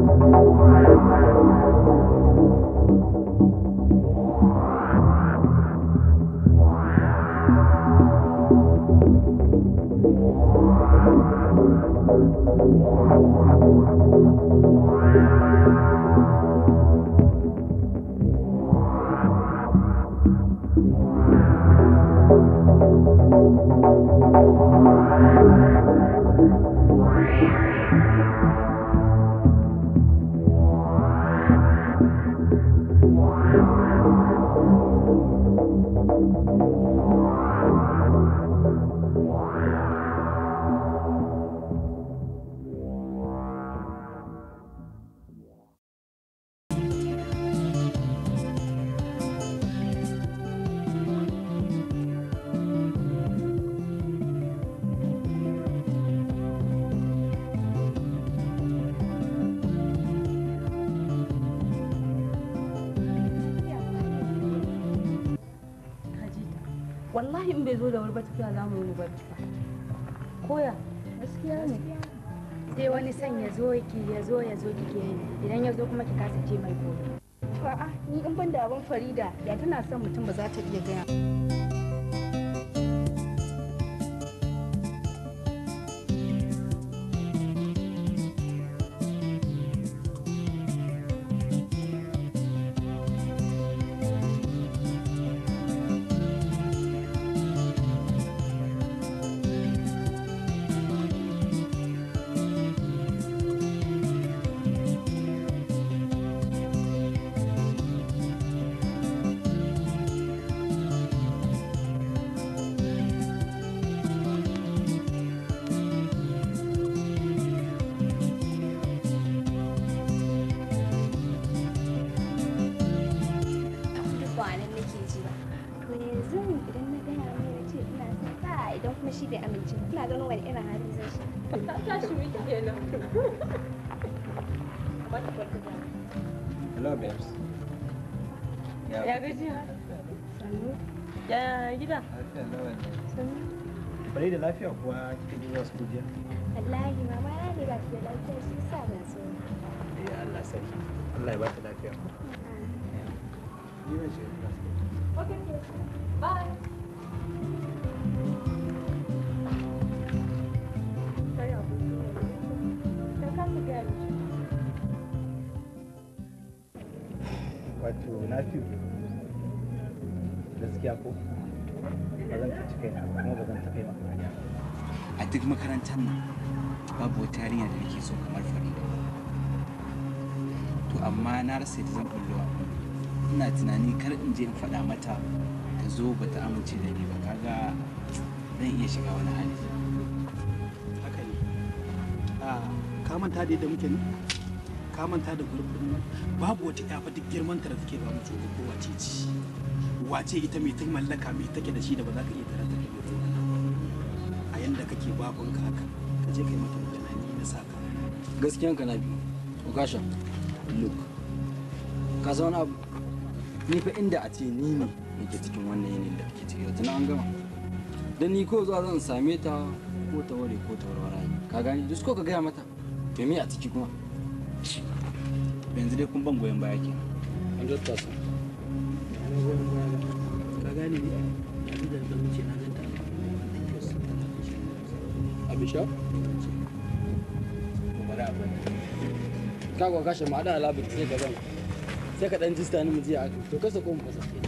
Thank you. in bai zo da wuri ba tafiya za mu yi ba koya gaskiya ne sai wani son ya zo ki ya zo ya zo kike yi idan ya zo kuma ki kasa ce mai gobe to a'a ni in ban da abin farida ya tana son mutum ba za ta iya gaya ganin wani irin hali zai shi ta tashi miki kenan hello babes ya ya gida bari da lafiya kuwa kika ji wallahi mama ne ba da lafiya shi sa ban so eh, Allah Allah ya ba ta lafiya ni shi Okay, bye. hafiyu gaskiya ko ba zan ci kaina kuma ba zan ba a duk makarantar nan babu wata yarinya da nake so kamar farida to amma na rasa yadda zan bullowa ina tunani kar in je in faɗa mata ta zo ba ta amince da ni ba kaga zan iya shiga wani hali haka ne ah, ka manta da yadda muke ni? ka manta da gurbin nan babu wata ya fa duk girman ta da take ba mu ko wace ce wace ita mai ta mallaka mai take da shi da ba za ka iya tarata ta kai a yanda kake babun ka haka ka je kai mata magana ni na saka gaskiyan ka na biyu ogasha look ka san abu ni fa inda a ce ni ne nake cikin wannan yanayin da kake cikin yanzu an gama dan ni ko zuwa zan same ta ko ta ware ko ta warware ka gani duk ko ka gaya mata to me a ciki kuma yanzu dai kun ban goyon baya ke ka ne da na ganta a bari ka kwa kashe da sai ka zama. sai ka ɗan jista ni mu ji a to kasa ko mu fasa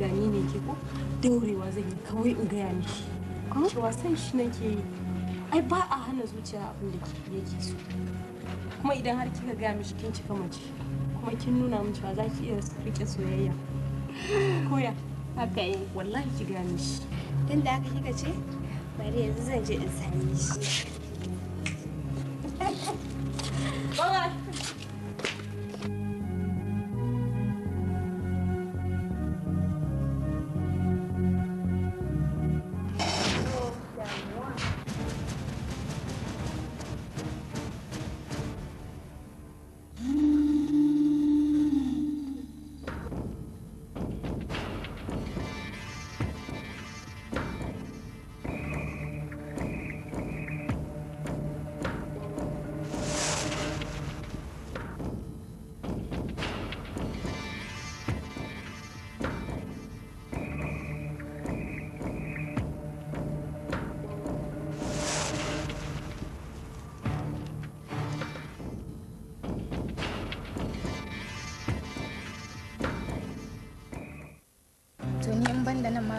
gani ne ke ko daurewa zan yi kawai in gaya mishi cewa san shi nake yi ai ba a hana zuciya abin da yake so kuma idan har kika gaya mishi kin cika mace kuma kin nuna min cewa za ki iya rike soyayya koya haka yi wallahi ki gaya mishi tun da haka kika ce bari yanzu zan je in sani shi Bye-bye.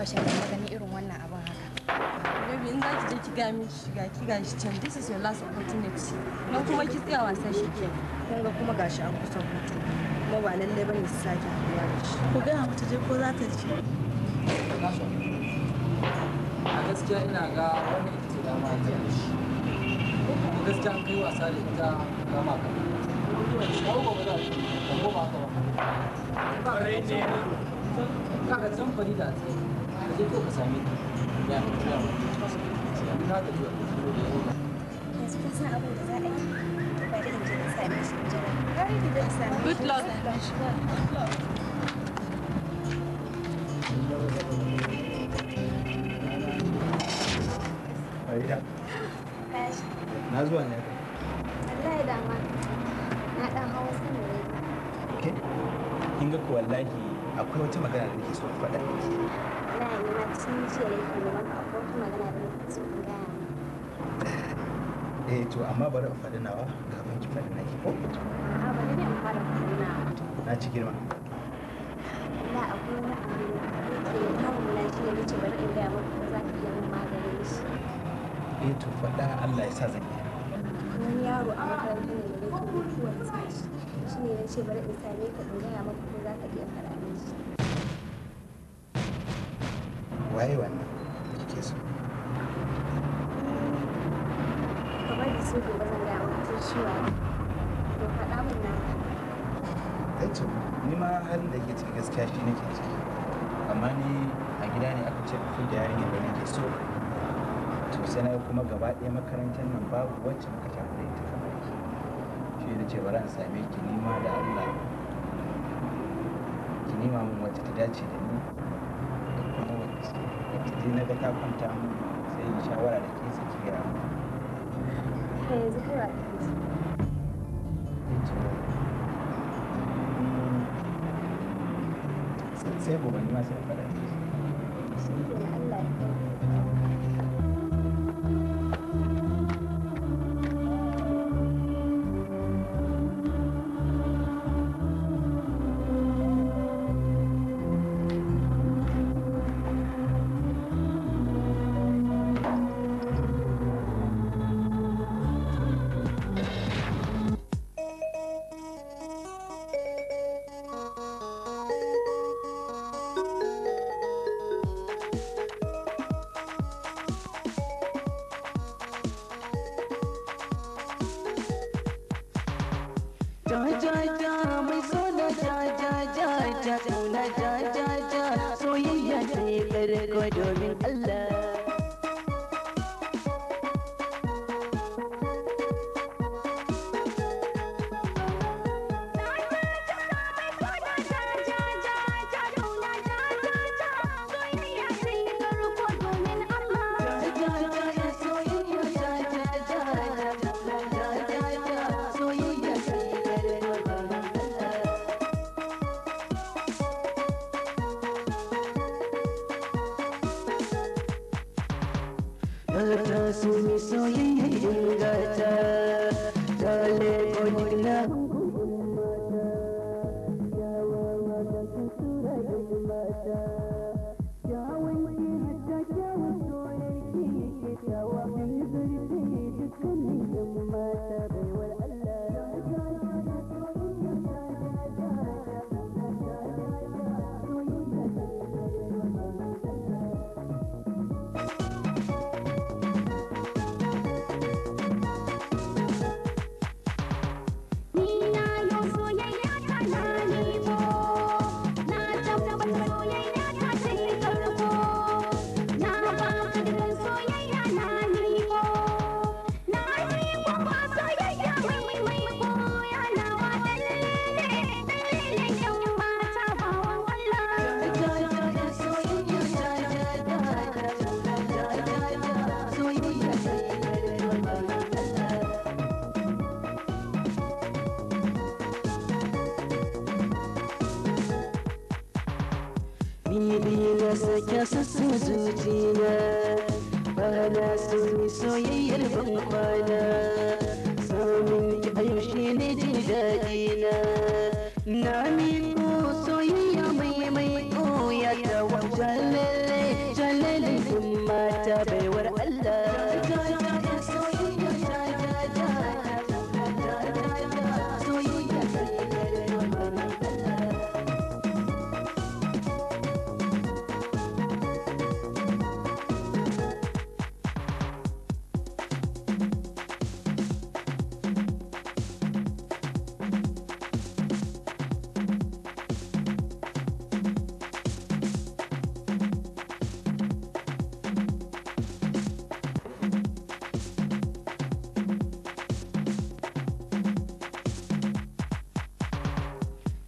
yaushe ka gani irin wannan abin haka baby in za ki je ki ga mi shiga ki ga shi can this is your last opportunity na kuma ki tsaya wasan shi ke kun ga kuma gashi an kusa hutu kuma ba lalle bane su sake haɗuwa da shi ku ga mata je ko za ta ci a gaskiya ina ga wani ita ce dama ta shi kuma gaskiya an kai wasa da ita kama kama Thank you. kaga can fari da tsaye ka je ka same ta ya ka kira mu za ka ji yanzu kun san abin da za a yi ba da in je in same shi jira har da zan same shi good luck good luck Na zuwa ne ka. Allah ya dama. Na dan sun ne. Ke? Kin ko wallahi akwai wata magana da nake so faɗa magana ne na tun jiya da yake neman ka akwai magana da nake so in gaya eh to amma bari in faɗi nawa kafin ki faɗi naki ko a'a bari ne in fara faɗi nawa na ci girma Allah akwai wani abu da yake kawo na shi ne nace bari in gaya maka ko za ka iya min maganin shi eh to faɗa Allah ya sa zan yi wani yaro a makarantar ne da yake mutuwar sa shi ne ya ce bari in same ka in gaya maka ko za ka iya faɗa min shi waye wannan kike so Aito, ni ma halin da ke ciki gaskiya shi nake ciki. Amma ni a gida ne aka ce fi da yarinya da nake so. To sai na kuma gaba ɗaya makarantar nan babu wacce muka shafa da ita kamar ki. Shi da ce bari in same ki nima da Allah. Ki nima min wacce ta dace da ni sai na ga kwanta sai yi shawara da ke sakiya yanzu kawai sai gobe ma sai Acayip. सुनी सोई गचा चले कोई ना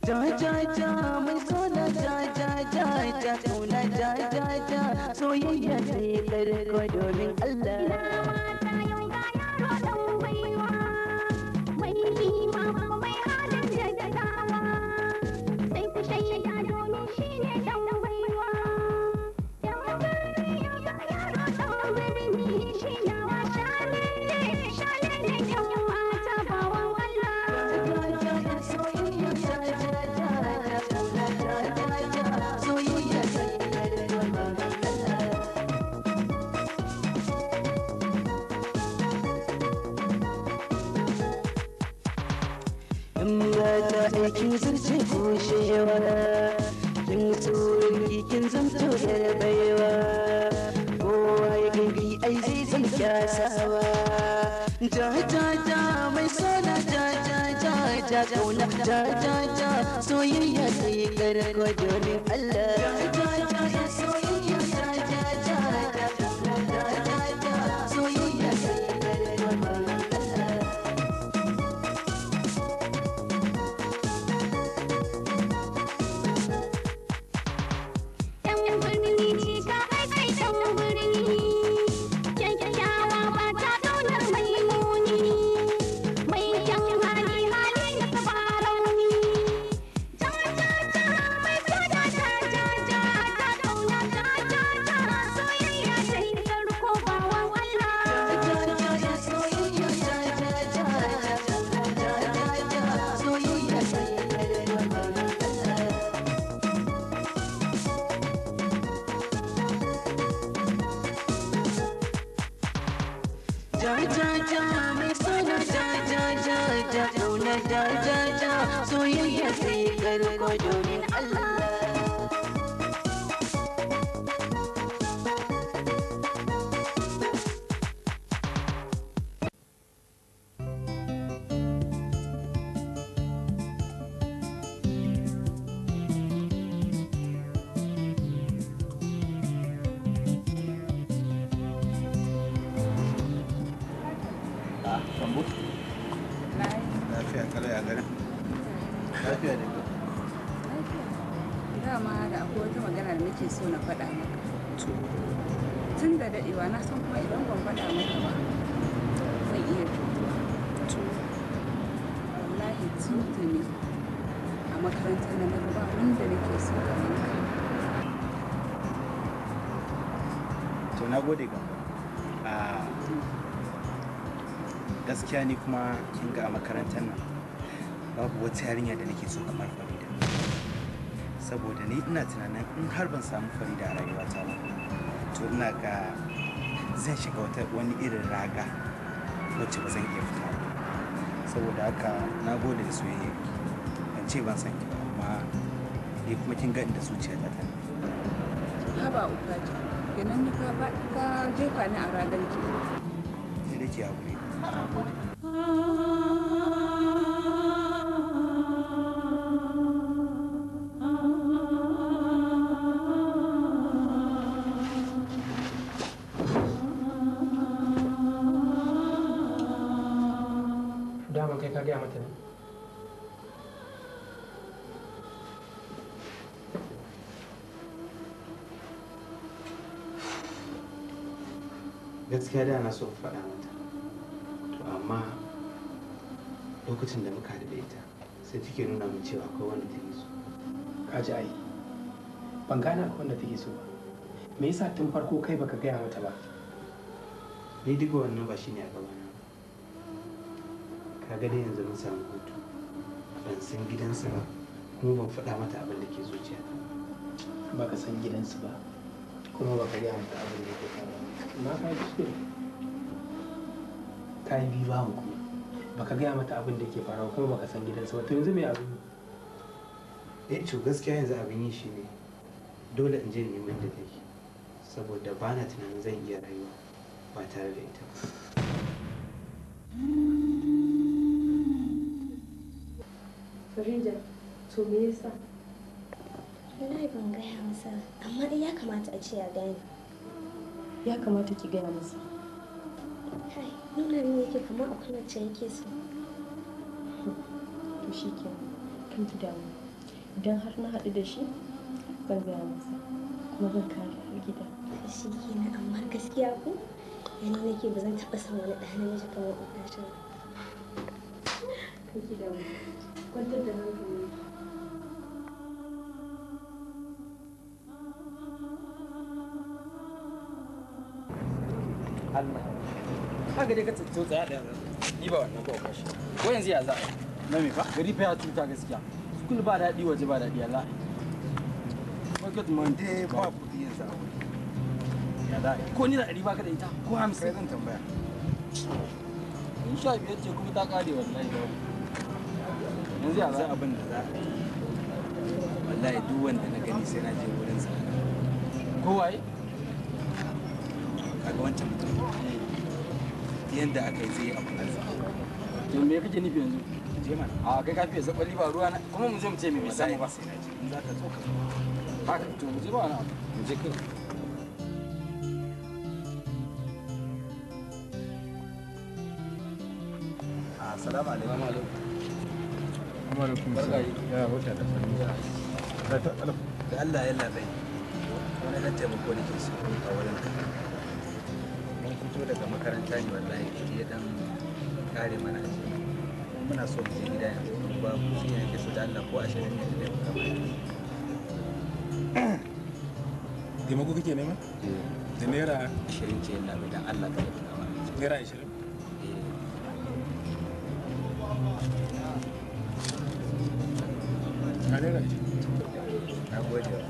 ja ja ja mai sona ja ja ja ja kuna ja ja ja soyayya ce karko domin Allah kauna ta ta ta soyayya sai karko domin Allah ta ta ta जा जा जा मैं सोना जा जा जा जा सोना जा जा जा सोया से कर को जो da akwai wata magana da nake so na faɗa maka tun da daɗewa na san kuma idan ban faɗa maka ba zan iya tuntuwa. wallahi ne a makarantar na ba wanda nake so ka maka to na gode ga gaskiya ni kuma kin ga a makarantar nan babu wata yarinya da nake so kamar fari. saboda ni ina tunanin in har ban samu fari da rayuwa ta ba to ina ga zan shiga wata wani irin raga wacce ba zan iya fita ba saboda haka na gode da soyayya ban ce ban san ki ba amma ni kuma kin ga inda zuciya ta tana haba ukaji kenan ni ka ba ka jefa ni a ragar ki ne dake hakuri na gode gaskiya da na so faɗa mata to amma lokacin da muka da ita sai take nuna min cewa akwai wanda take so ka ji ai ban gane akwai wanda take so ba me yasa tun farko kai baka gaya mata ba ni duk wannan ba shine a gabana ka ga dai yanzu mun samu hutu ban san gidansa ba kuma ban faɗa mata abin da ke zuciya ba ka san gidansu ba kuma baka gaya mata abin da yake faruwa amma ka yi kuskure ka yi biyu babu kuma baka gaya mata abin da ke faruwa kuma baka san gidansa ba to yanzu me abin eh to gaskiya yanzu abin yi shi ne dole in je neman da take saboda ba na tunanin zan iya rayuwa ba tare da ita ba Farida, to me yasa? wallahi ban gaya masa amma dai ya kamata a ce ya gani ya kamata ki gaya masa kai nuna min yake kamar a kuna ce yake so to shi ke kan ki damu idan har na haɗu da shi ban gaya masa kuma zan kare har gida shi ke na amma gaskiya ku yana nake ba zan taɓa son wani ɗan namiji kamar ƙwashin kan ki damu kwantar da hankali kai dai ka tsaye tsaya da ni ba wannan ba kashi ko yanzu ya za na me fa gari fa ya cuta gaskiya kul ba daɗi waje ba daɗi Allah market man dai eh, ba kuɗi yanzu a ya da ko ni da ɗari ka da ita ko hamsin sai zan tambaya in sha biyar ce kuma ta ƙare wallahi ba yanzu ya za abin da za a yi wallahi duk wanda na gani sai na je wurin sa ko kowaye kaga wancan mutum yadda aka yi zai abu me kake nufi yanzu a kai kafi yasa kwalli ba ruwa kuma mu je mu ce me bai samu ba in za ka zo ka ba assalamu ah, alaikum assalamu alaikum ya da da Allah ya labai wani taimako nake so a wurin ka daga makaranta ne wallahi kuɗi ya dan kare mana ce muna so mu je gida yanzu ba mu shi yake ke so da Allah ko ashirin ne da muka ba taimako kake nema? Eh. da naira 20 ce yana bai dan Allah kada yi kama. naira 20? na eh. naira ashirin na gode wa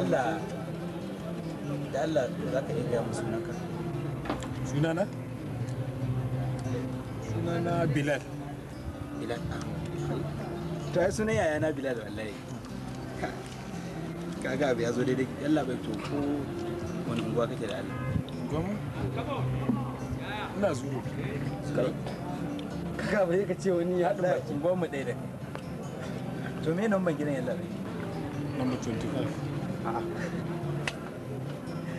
Allah da Allah za ka iya gaya mu sunanka sunana sunana bilal bilal ah. ta yi sunan na bilal wallahi kaga abu ya zo daidai bai to ko wani unguwa kake da Allah gwamu ina ka kaga ba ka ce wani ya haɗu baki gwamu ɗaya da to me nan ban gidan yalla bai number 25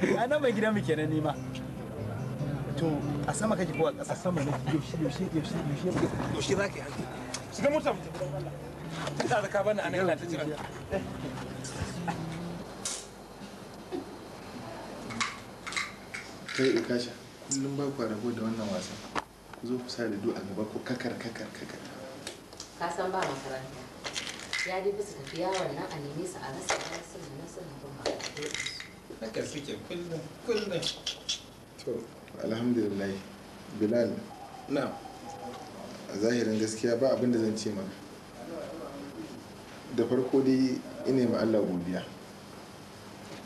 a nan mai gida muke kenan nima to a sama kake ko a ƙasa sama ne yaushe yaushe yaushe yaushe yaushe zaka yi shiga mota mutum tun da ka bani anan ina ta jira kai in kasha kullum ba ku rago da wannan wasan zo ku sa da du a gaba ko kakar kakar kakar ka san ba makaranta ya dai bisa tafiya wannan a nemi su a rasa ya suna na suna ba haka suke kullum kullum to alhamdulillah bilal na a zahirin gaskiya ba abinda zan ce maka da farko dai ina ma Allah godiya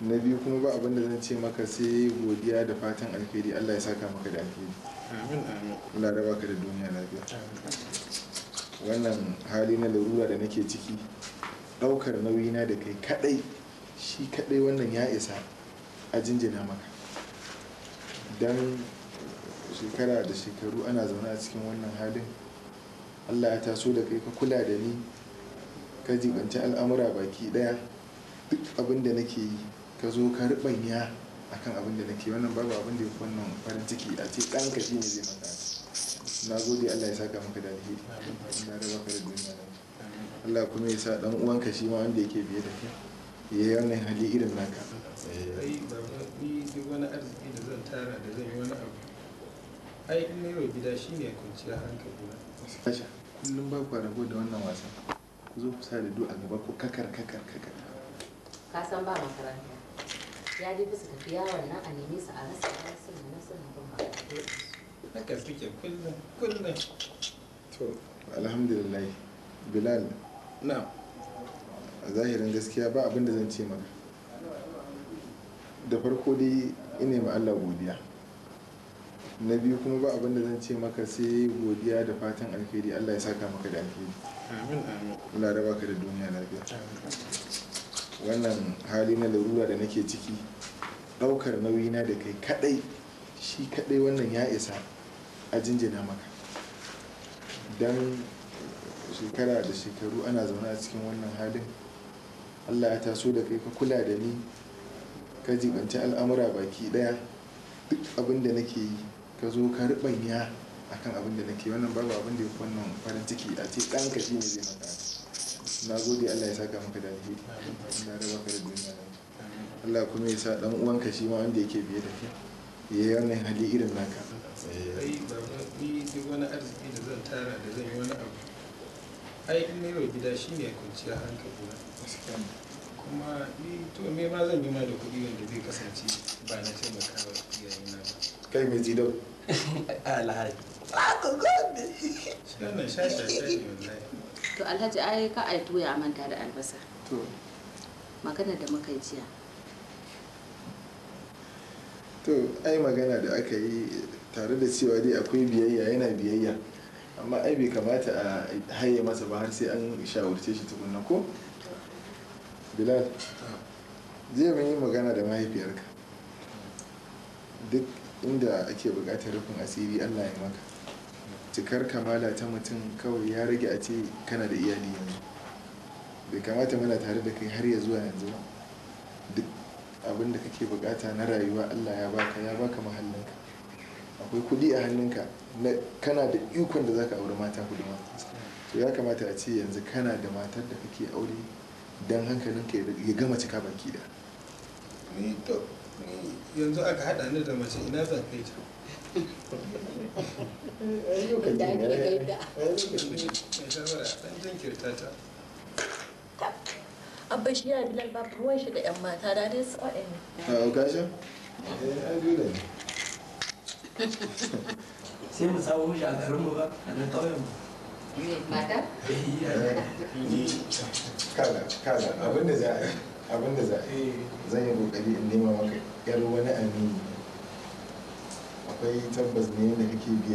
na biyu kuma ba abinda zan ce maka sai godiya da fatan alheri Allah ya saka maka da alheri amin amin raba ka da duniya lafiya wannan hali na larura da nake ciki daukar nauyi na da kai kadai shi kadai wannan ya isa a jinjina maka don shekara da shekaru ana zaune a cikin wannan halin allah ya taso da kai ka kula da ni ka jibanci al'amura baki daya duk abin da nake yi ka zo ka ribanya akan abin da nake wannan babu abin da ya wannan farin ciki a ce ɗan ka ne zai maka na gode allah ya saka maka da alheri na raba ka da allah kuma ya sa ɗan uwanka shi ma wanda yake biye da kai ya wannan hali irin naka ai ba ni duk wani arziki da zan tara da zan yi wani abu ai in na gida shi ne kwanciyar hankali na sasha kullum ba ku rago da wannan wasan ku zo ku da du a gaba ko kakar kakar kakar ka san ba makaranta ya je bisa tafiya wannan a neme su a rasa a rasa na suna bin ba haka suke kullum kullum to alhamdulillah bilal na'am a zahirin gaskiya ba abin da zan ce maka da farko dai ina ma Allah godiya na biyu kuma ba abin da zan ce maka sai godiya da fatan alheri Allah ya saka maka da alheri amin amin Allah ya ka da duniya lafiya wannan hali na larura da nake ciki daukar na da kai kadai shi kadai wannan ya isa a jinjina maka dan shekara da shekaru ana zaune a cikin wannan halin allah ya taso da kai ka kula da ni ka jibanci al'amura baki daya duk abin da nake yi ka zo ka ribanya akan abin da nake wannan babu abin da ya wannan farin ciki a ce ka shi ne zai maka na gode allah ya saka maka da alheri na raba ka da duniya allah kuma ya sa ɗan ka shi ma wanda yake biye da kai ya yi wannan hali irin naka ai ba ni duk wani arziki da zan tara da zan yi wani abu ai in ne gida shine kwanciyar hankali na kuma ni to me ma zan yi ma da kuɗi wanda zai kasance ba na taimaka wa iyayena ba kai mai jido ah, alhaji to alhaji ai ka ai tuya a manta da albasa to magana da muka yi jiya to ai magana da aka yi tare da cewa dai akwai biyayya yana biyayya amma ai bai kamata a haye masa ba har sai an shawarce shi tukunna ko bilal zai mun yi magana da mahaifiyarka duk inda ake bukatar rufin asiri allah ya maka cikar kamala ta mutum kawai ya rage a ce kana da iyali yanzu bai kamata muna tare da kai har ya zuwa yanzu ba duk abin da kake bukata na rayuwa allah ya baka ya baka mahallinka akwai kudi a hannunka kana da ikon da zaka aure mata hudu ma to ya kamata a ce yanzu kana da matar da kake aure don ka ya gama cika baki da yanzu aka haɗa ni da mace ina zan kai ta abba shi ya bilal ba ruwan shi da yan mata da dai su ƙwa'in a ƙasha? eh dole ne sai mu samu shi a mu ba a nan ƙauyenmu mata? kala kala abinda za a abinda za a zan yi kokari in nema maka yar wani amini akwai tabbas ne da kake biye